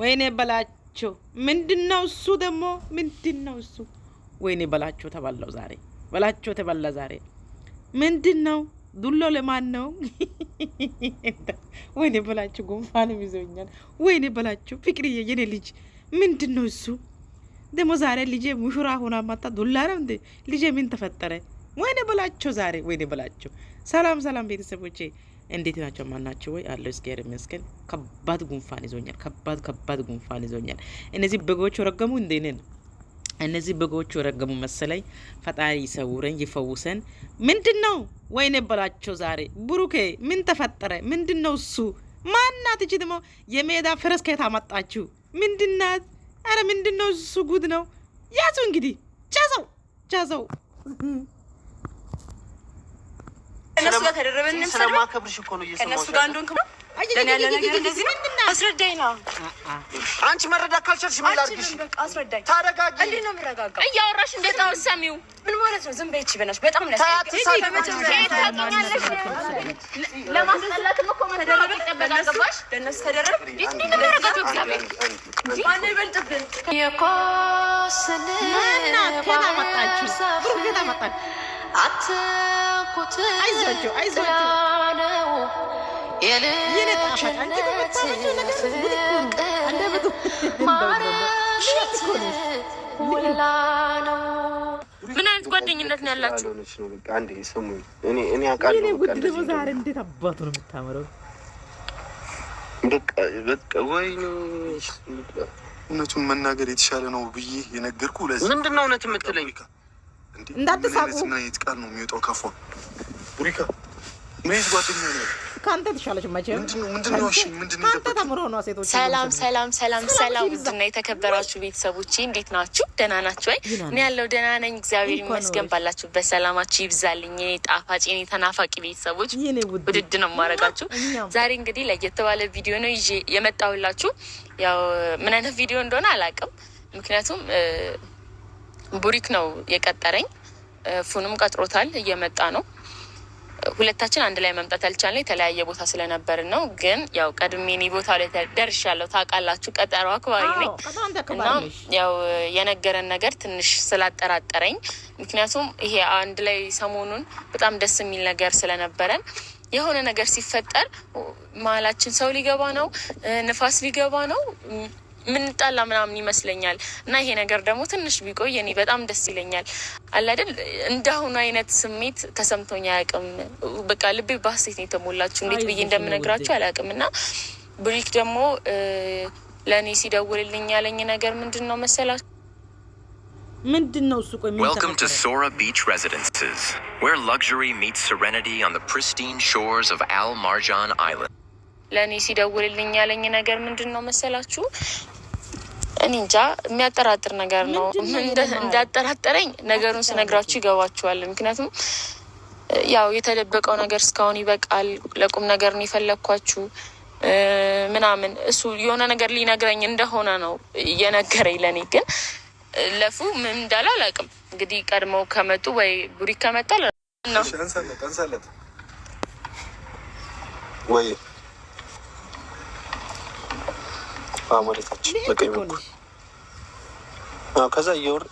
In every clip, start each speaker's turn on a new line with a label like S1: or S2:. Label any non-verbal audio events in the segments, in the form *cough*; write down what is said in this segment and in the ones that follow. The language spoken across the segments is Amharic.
S1: ወይኔ በላቸው። ምንድነው እሱ ደግሞ ምንድነው እሱ? ወይኔ በላቸው ተባላው ዛሬ በላቸው ተባለ ዛሬ። ምንድነው? ዱሎ ለማን ነው? *laughs* ወይኔ በላቸው ጉንፋንም ይዞኛል። ወይኔ በላቸው ፍቅርዬ የኔ ልጅ ምንድነው እሱ ደግሞ ዛሬ ልጄ ሙሽራ ሆና ማታ ዱላ ነው እንዴ? ልጄ ምን ተፈጠረ? ወይኔ በላቸው ዛሬ ወይኔ በላቸው። ሰላም ሰላም ቤተሰቦቼ እንዴት ናቸው? ማናቸው ወይ አለው። እግዚአብሔር ይመስገን። ከባድ ጉንፋን ይዞኛል። ከባድ ከባድ ጉንፋን ይዞኛል። እነዚህ በጎቹ ረገሙ እንዴንን እነዚህ በጎቹ ረገሙ መሰለኝ። ፈጣሪ ይሰውረን ይፈውሰን። ምንድን ነው ወይኔ በላቸው። ዛሬ ብሩኬ ምን ተፈጠረ? ምንድን ነው እሱ ማናት? እቺ ደግሞ የሜዳ ፈረስ ከየት አመጣችሁ? ምንድናት? አረ ምንድን ነው እሱ ጉድ ነው። ያዙ እንግዲህ ቻዘው ቻዘው
S2: ከነሱ ጋር ተደረበ
S3: ስለማከብርሽ እኮ ነው።
S2: ከነሱ ጋር እንደሆንክ ለእኔ ያለ ነገር እንደዚህ ምንድን ነው? አስረዳኝ ነው።
S3: አንቺ መረዳት ካልቻልሽ ምን
S2: ላድርግሽ? አስረዳኝ። ታረጋጊ። እንዴት ነው የምረጋጋው? እያወራሽ እንዴት ነው የምትሰሚው? ምን ማለት ነው? ዝም በይ። ይህቺ በእናትሽ በጣም ነው ለማስጠላትም እኮ መደረብ ይጠበቃል። ገባሽ? ለእነሱ ተደረብ እንዴት ነው የምረጋጋው? እግዚአብሔር ማነው ይበልጥብን?
S1: የቆስል ማናት ከና መጣችሁ? ብሩክ ከና መጣችሁ? አትኩት አይዟቸው አይዟቸው
S2: ምን አይነት ጓደኝነት ነው ያላችሁ?
S3: እኔ እኔ
S1: አውቃለሁ። ጉድ ደግሞ ዛሬ እንዴት አባቱ ነው የምታምረው!
S3: በቃ በቃ ወይ እውነቱን መናገር የተሻለ ነው ብዬ የነገርኩ ለዚህ
S1: ምንድን ነው እውነት የምትለኝ? እንዳትሳቁ።
S3: ምን አይነት ቃል ነው የሚወጣው? ከፎ ቡሪካ
S1: ከአንተ ትሻለች መቼም።
S3: ከአንተ
S1: ተምሮ ነው ሴቶች።
S4: ሰላም ሰላም ሰላም ሰላም። ውድና የተከበራችሁ ቤተሰቦቼ እንዴት ናችሁ? ደህና ናችሁ ወይ? እኔ ያለው ደህና ነኝ፣ እግዚአብሔር ይመስገን። ባላችሁበት ሰላማችሁ ይብዛልኝ። እኔ ጣፋጭ፣ እኔ ተናፋቂ ቤተሰቦች ውድድ ነው የማደርጋችሁ። ዛሬ እንግዲህ ለየት ባለ ቪዲዮ ነው ይዤ የመጣሁላችሁ። ያው ምን አይነት ቪዲዮ እንደሆነ አላውቅም፣ ምክንያቱም ቡሪክ ነው የቀጠረኝ። ፉንም ቀጥሮታል፣ እየመጣ ነው። ሁለታችን አንድ ላይ መምጣት ያልቻልን የተለያየ ቦታ ስለነበር ነው። ግን ያው ቀድሜ ቦታ ላይ ደርሻለሁ። ታውቃላችሁ፣ ቀጠሮ አክባሪ ነኝ እና ያው የነገረን ነገር ትንሽ ስላጠራጠረኝ፣ ምክንያቱም ይሄ አንድ ላይ ሰሞኑን በጣም ደስ የሚል ነገር ስለነበረን የሆነ ነገር ሲፈጠር መሀላችን ሰው ሊገባ ነው፣ ንፋስ ሊገባ ነው ምንጣላ ምናምን ይመስለኛል። እና ይሄ ነገር ደግሞ ትንሽ ቢቆይ እኔ በጣም ደስ ይለኛል። አላደል እንዳሁኑ አይነት ስሜት ተሰምቶኝ አያውቅም። በቃ ልቤ በሀሴት ነው የተሞላችሁ። እንዴት ብዬ እንደምነግራችሁ አላውቅም። እና ብሪክ ደግሞ ለእኔ ሲደውልልኝ ያለኝ ነገር ምንድን ነው መሰላችሁ?
S1: ምንድን ነው እሱ? ቆይ
S5: Welcome to Sora Beach Residences, where luxury meets serenity on the pristine shores of Al Marjan Island.
S4: ለእኔ ሲደውልልኝ ያለኝ ነገር ምንድን ነው መሰላችሁ? እኔ እንጃ የሚያጠራጥር ነገር ነው። እንዳጠራጠረኝ ነገሩን ስነግራችሁ ይገባችኋል። ምክንያቱም ያው የተደበቀው ነገር እስካሁን ይበቃል። ለቁም ነገር ነው የፈለግኳችሁ ምናምን እሱ የሆነ ነገር ሊነግረኝ እንደሆነ ነው እየነገረኝ። ለእኔ ግን ለፉ ምን እንዳለ አላውቅም። እንግዲህ ቀድመው ከመጡ ወይ ቡሪ ከመጣል
S3: ነውንሰለት ወይ አሞሌታችን በቀኝ በኩል ከዛ እየወር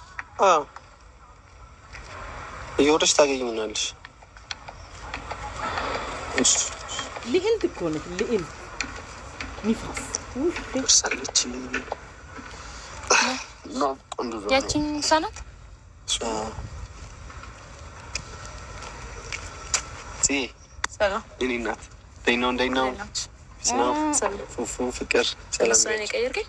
S3: እየወረች ታገኝናለሽ።
S1: ልዕልት እኮ ነች ልዕልት ንፋስ
S3: ሳለች
S2: ሳናት ናት።
S3: ደህና ነው። ፍቅር
S2: ሰላም ቀየርገኝ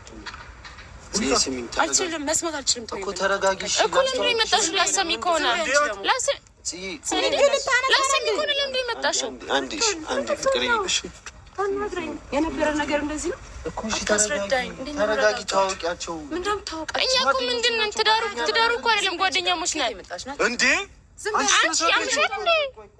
S2: አልችልም፣ መስማት አልችልም
S3: እኮ ተረጋጊ
S2: እኮ። ለምንድን ነው የመጣሽው? ላሰሚ ከሆነ ላሰሚ ከሆነ ለምንድን ነው የመጣሽው? የነበረ ነገር እንደዚህ ነው እኮ።
S3: ተረጋጊ፣ ታዋቂያቸው
S2: እኛ እኮ እኮ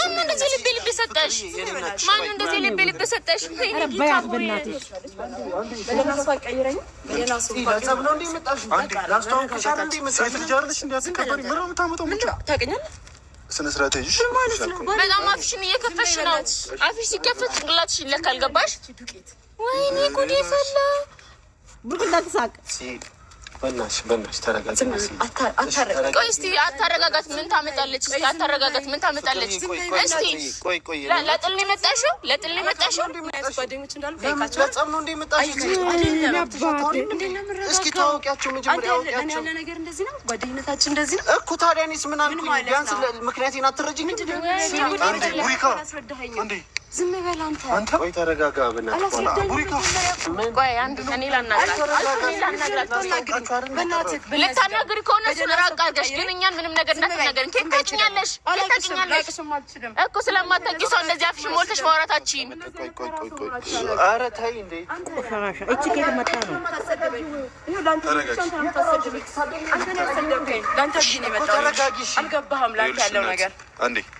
S2: ማን እንደዚህ ልቤ ልቤ ሰጠሽ? ማን እንደዚህ ልቤ ልቤ ሰጠሽ? ስነ ስርዓት ይዤ በጣም አፍሽን እየከፈሽ ነው። አፍሽ ሲከፈት ጭንቅላትሽ ይለካል። ገባሽ? ወይኔ ጉዴ ፈላ ብቅ እንዳትሳቅ
S3: በእናትሽ በእናትሽ ተረጋጋት።
S2: ቆይ እስኪ አታረጋጋት። ምን ታመጣለች? እስኪ አታረጋጋት። ምን ታመጣለች? እስኪ ቆይ ቆይ፣ ለጥል ነው የመጣሽው? ለጥል ነው የመጣሽው? ለጸብ ነው እንደ
S3: የመጣሽው? እስኪ ተዋውቂያቸው መጀመሪያ
S2: አውቂያቸው። ጓደኝነታችን እንደዚህ ነው
S3: እኮ። ታዲያ እኔስ ምን አልኩኝ? ቢያንስ ምክንያቴን አትረጂኝም? ዝም በል አንተ። ቆይ ተረጋጋ። ልታናግሪ ከሆነ
S2: እሱን አድርገሽ ግን እኛን ምንም ነገር ኬት ታውቂኛለሽ እኮ ስለማታውቂ ሰው እንደዚህ ሞልተሽ ማውራታችን።
S3: ኧረ ተይ
S1: እቺ ኬት መታ
S2: ነው። ተረጋጊ። አልገባህም ያለው ነገር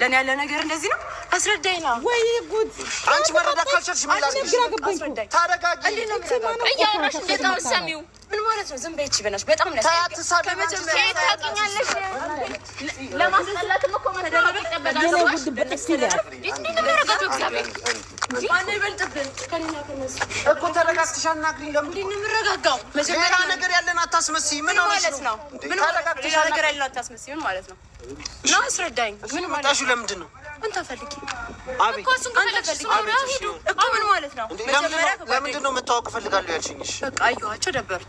S2: ለእኔ ያለ ነገር እንደዚህ ነው። አስረዳኝ ነው ወይ ጉድ!
S3: አንቺ መረዳት ካልቻልሽ ምን
S2: ላድርግሽ? አስረዳኝ። ታረጋጊ። እያወራሽ እንዴት ነው የምትሰሚው? ምን ማለት ነው? ዝም በይች በናትሽ። በጣም ነው ሌላ
S3: ነገር ያለን አታስመስይ።
S2: ምን ማለት ነው? ሌላ ነገር ያለን አታስመስይ። ምን ማለት ነው? ና አስረዳኝ።
S3: ምን ማለት ለምንድን ነው
S2: አንተ ፈልጊ እኮ እሱን ከፈለግሽ እኮ ምን ማለት ነው?
S3: ለምንድን ነው መታወቅ እፈልጋለሁ ያልሽኝ?
S2: በቃ አየኋቸው ደበሩኝ።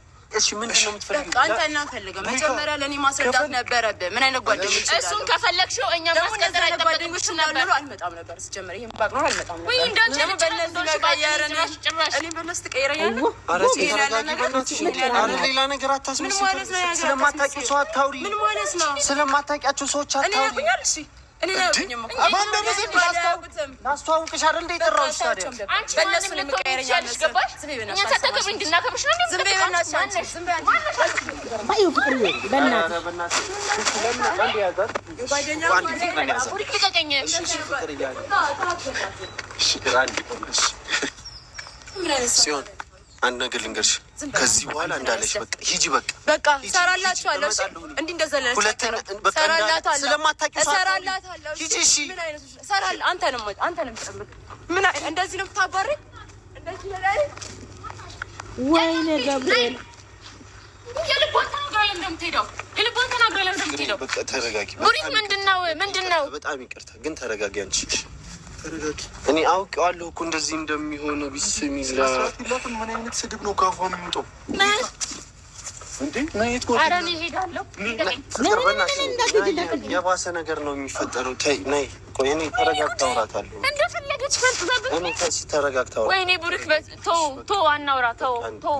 S3: እሺ ምንድን ነው የምትፈልጊው?
S2: አንተ እናንፈልገው መጀመሪያ ለእኔ ማስረዳት ነበረብህ። ምን አይነት ጓደኞች እሱን ከፈለግሽው እኛ ማስቀጠር ጓደኞች ነበር። አልመጣም ነበር ስጀምር ይሄን ባግ ነው አልመጣም ነበር። ጭራሽ
S3: እኔ አረ ሌላ ነገር አታስመስል። ስለማታውቂው ሰው አታውሪ። ስለማታውቂያቸው ሰዎች
S2: አታውሪ። እኔ እሺ
S3: ሲሆን አንድ ነገር ልንገርሽ ከዚህ በኋላ እንዳለሽ በቃ ሂጂ፣ በቃ
S2: በቃ እሰራላችኋለሁ። እንዲህ ምን እንደዚህ ነው ታባሪ እንደዚህ
S1: ወይኔ ገብርኤል
S2: የልቦን ተናግራ ለምን እንደምትሄደው የልቦን ተናግራ ለምን
S3: እንደምትሄደው። በቃ ተረጋጊ።
S2: ምንድን ነው ምንድን ነው?
S3: በጣም ይቅርታ ግን ተረጋጊ አንቺ እኔ አውቄዋለሁ እኮ እንደዚህ እንደሚሆን። ቢስም ይዝላትም ምን አይነት ስድብ ነው ከአፏ የሚወጣው? የባሰ ነገር ነው የሚፈጠረው። ተይ ነይ፣ ቆይ እኔ አውራታለሁ።
S2: እንደፈለገች ወይኔ ቡሪክ፣ ተው ተው፣ አናውራ፣ ተው ተው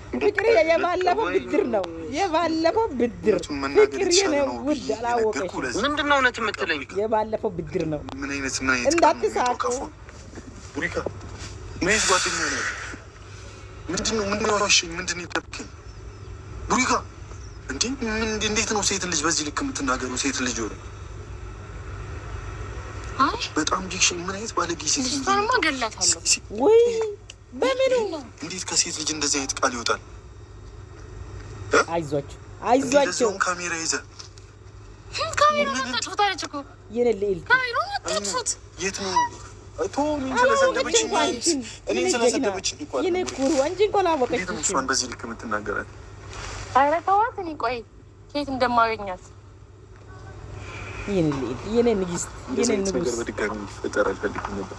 S1: ፍቅሬ የባለፈው ብድር ነው የባለፈው ብድር ፍቅሬ ነው። ውድ አላወቀሽ
S3: ምንድን ነው እውነት የምትለኝ?
S1: የባለፈው ብድር ነው። እንዳትሳቁ
S3: እንዴት ነው ሴት ልጅ በዚህ ልክ የምትናገሩ? ሴት ልጅ ሆነ በጣም ዲክሽን ምን አይነት ባለጌ
S2: ሴት
S1: ወይ በምኑ
S3: እንዴት ከሴት ልጅ እንደዚህ አይነት ቃል ይወጣል?
S1: አይዟቸው አይዟቸው።
S3: ካሜራ ይዘ ካሜራውን ነው በዚህ ልክ የምትናገራት
S2: ኧረ ተዋት። እኔ ቆይ እንደማገኛት
S1: የኔ ልዕል፣ የኔ ንግስት፣
S3: የኔ ንጉስ በድጋሚ እንዲፈጠር አልፈልግም ነበር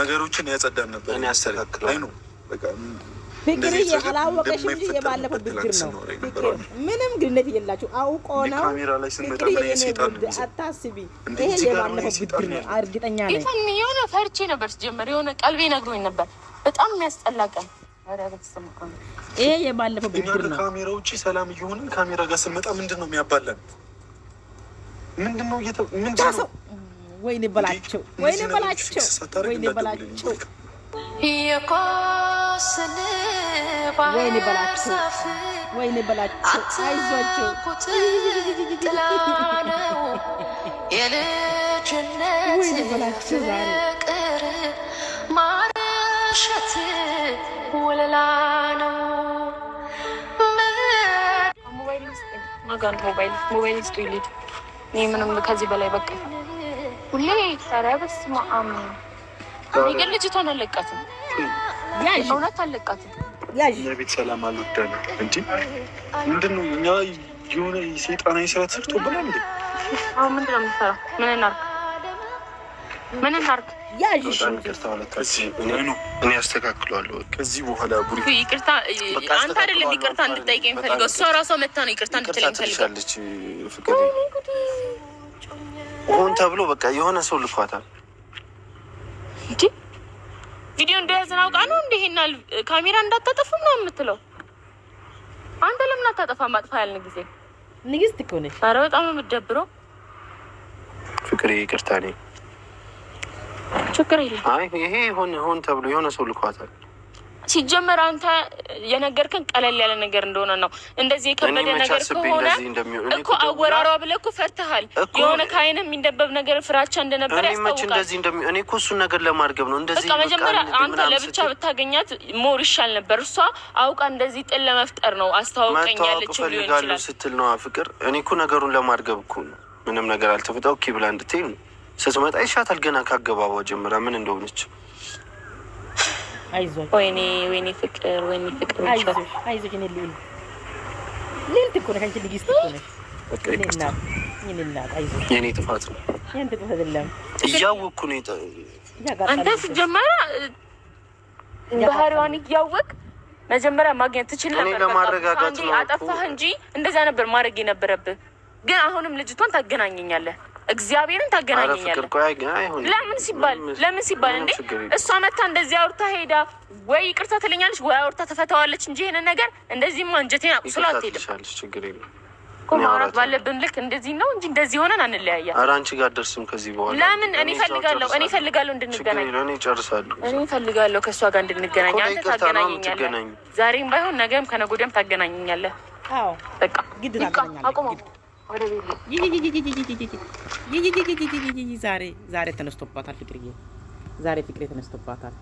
S3: ነገሮችን ያጸዳን ነበር። እኔ
S1: ፍቅር ያላወቀሽ ልጅ የባለፈው ብድር ነው። ምንም ግንኙነት የላችሁ አውቆ ነው። ፍቅር የኔ አታስቢ፣ ይሄ የባለፈው ብድር ነው። እርግጠኛ
S2: ነኝ። የሆነ ፈርቼ ነበር ሲጀመር፣ የሆነ ቀልቤ ነግሮኝ ነበር። በጣም የሚያስጠላ ቀን።
S1: ይሄ የባለፈው ብድር
S3: ነው። ካሜራ ውጭ ሰላም እየሆንን ካሜራ ጋር ስመጣ ምንድን ነው የሚያባለን? ምንድን ነው
S1: ምንድን ነው ወይኔ በላቸው፣ ወይኔ በላቸው፣ ወይኔ በላቸው፣ ወይኔ በላቸው፣ ወይኔ በላቸው። አይዟቸው ወይኔ በላቸው ዛሬ ማረሸት
S2: ወለላ ነው። ሞባይል ሞባይል ሞባይል ስጡ ይልድ እኔ ምንም ከዚህ በላይ በቃ ሁሌ ሰራ በስማ አሜን። እኔ ግን ልጅቷን አለቃትም፣ እውነት አለቃትም።
S3: የቤት ሰላም አልወደነ እንጂ ምንድን ነው እኛ የሆነ ሰይጣናዊ ስራ ተሰርቶብናል። እንዴ
S2: ምንድን ነው የምትሰራው? ምን እናድርግ? ምን እናድርግ?
S3: እኔ አስተካክለዋለሁ። ከዚህ በኋላ ቡሪ
S2: ይቅርታ፣ አንተ አይደለም ይቅርታ እንድጠይቀኝ ፈልገው፣ እሷ ራሷ መታ ነው ይቅርታ እንድትለኝ
S3: ፈልጋለች ሆን ተብሎ በቃ የሆነ ሰው ልኳታል።
S2: እንዲ ቪዲዮ እንደያዝን አውቃ ነው እንደ ይሄና ካሜራ እንዳታጠፉ ነው የምትለው። አንተ ለምን አታጠፋ? ማጥፋ ያልን ጊዜ
S1: ንግስት እኮ ነች።
S2: ኧረ በጣም ነው የምትደብረው።
S3: ፍቅር ይቅርታ፣ ችግር የለም። አይ ይሄ ሆን ሆን ተብሎ የሆነ ሰው ልኳታል።
S2: ሲጀመር አንተ የነገርከን ቀለል ያለ ነገር እንደሆነ ነው። እንደዚህ የከበደ ነገር ከሆነ እኮ አወራሯ ብለህ እኮ ፈርተሃል። የሆነ ከአይነ የሚንደበብ ነገር ፍራቻ እንደነበር
S3: ያስታውቃል። እኔ እኮ እሱን ነገር ለማርገብ ነው እንደዚህ። በቃ
S2: መጀመሪያ አንተ ለብቻ ብታገኛት ሞር ይሻል ነበር። እሷ አውቃ እንደዚህ ጥል ለመፍጠር ነው አስተዋውቀኝ
S3: ሊሆን ይችላል ስትል ነው ፍቅር። እኔ እኮ ነገሩን ለማርገብ እኮ ነው። ምንም ነገር አልተፈጠረም። ኪ ብላ እንድትሄድ ነው ስትመጣ ይሻታል። ገና ካገባቧ ጀምራ ምን እንደሆነች
S1: አይዞሽ፣
S2: ወይኔ ወይኔ፣ ፍቅር ወይኔ ፍቅር፣
S1: አይዞሽ፣ አይዞሽ። እኔ ልል ልልት እኮ ነሽ አንቺ፣ ንግስት እኮ ነሽ።
S3: የኔ ጥፋት ነው።
S1: ያንተ ጥፋት አይደለም።
S3: እያወቅኩ ነው።
S2: አንተ ስትጀመራ ባህሪዋን እያወቅ መጀመሪያ ማግኘት ትችል
S3: ነበር።
S2: አጠፋህ እንጂ እንደዛ ነበር ማድረግ የነበረብህ። ግን አሁንም ልጅቷን ታገናኘኛለህ እግዚአብሔርን
S3: ታገናኘኛለን።
S2: ለምን ሲባል ለምን ሲባል እንዴ እሷ መታ እንደዚህ አውርታ ሄዳ ወይ ይቅርታ ትለኛለች ወይ አውርታ ተፈታዋለች እንጂ ይህንን ነገር እንደዚህማ አንጀቴን አቁስላ
S3: አትሄድም።
S2: እኮ ማውራት ባለብን ልክ እንደዚህ ነው እንጂ እንደዚህ ሆነን አንለያያም።
S3: ኧረ አንቺ ጋር ደርስም ከዚህ በኋላ
S2: ለምን እኔ እፈልጋለሁ እኔ እፈልጋለሁ እንድንገናኝ እኔ እኔ እፈልጋለሁ ከእሷ ጋር እንድንገናኝ።
S3: አንተ ታገናኘኛለህ፣
S2: ዛሬም ባይሆን ነገም ከነገ ወዲያም ታገናኘኛለህ።
S1: በቃ
S2: አቁመው ዛሬ ዛሬ ተነስቶባታል ፍቅርዬ፣ ዛሬ ፍቅሬ ተነስቶባታል።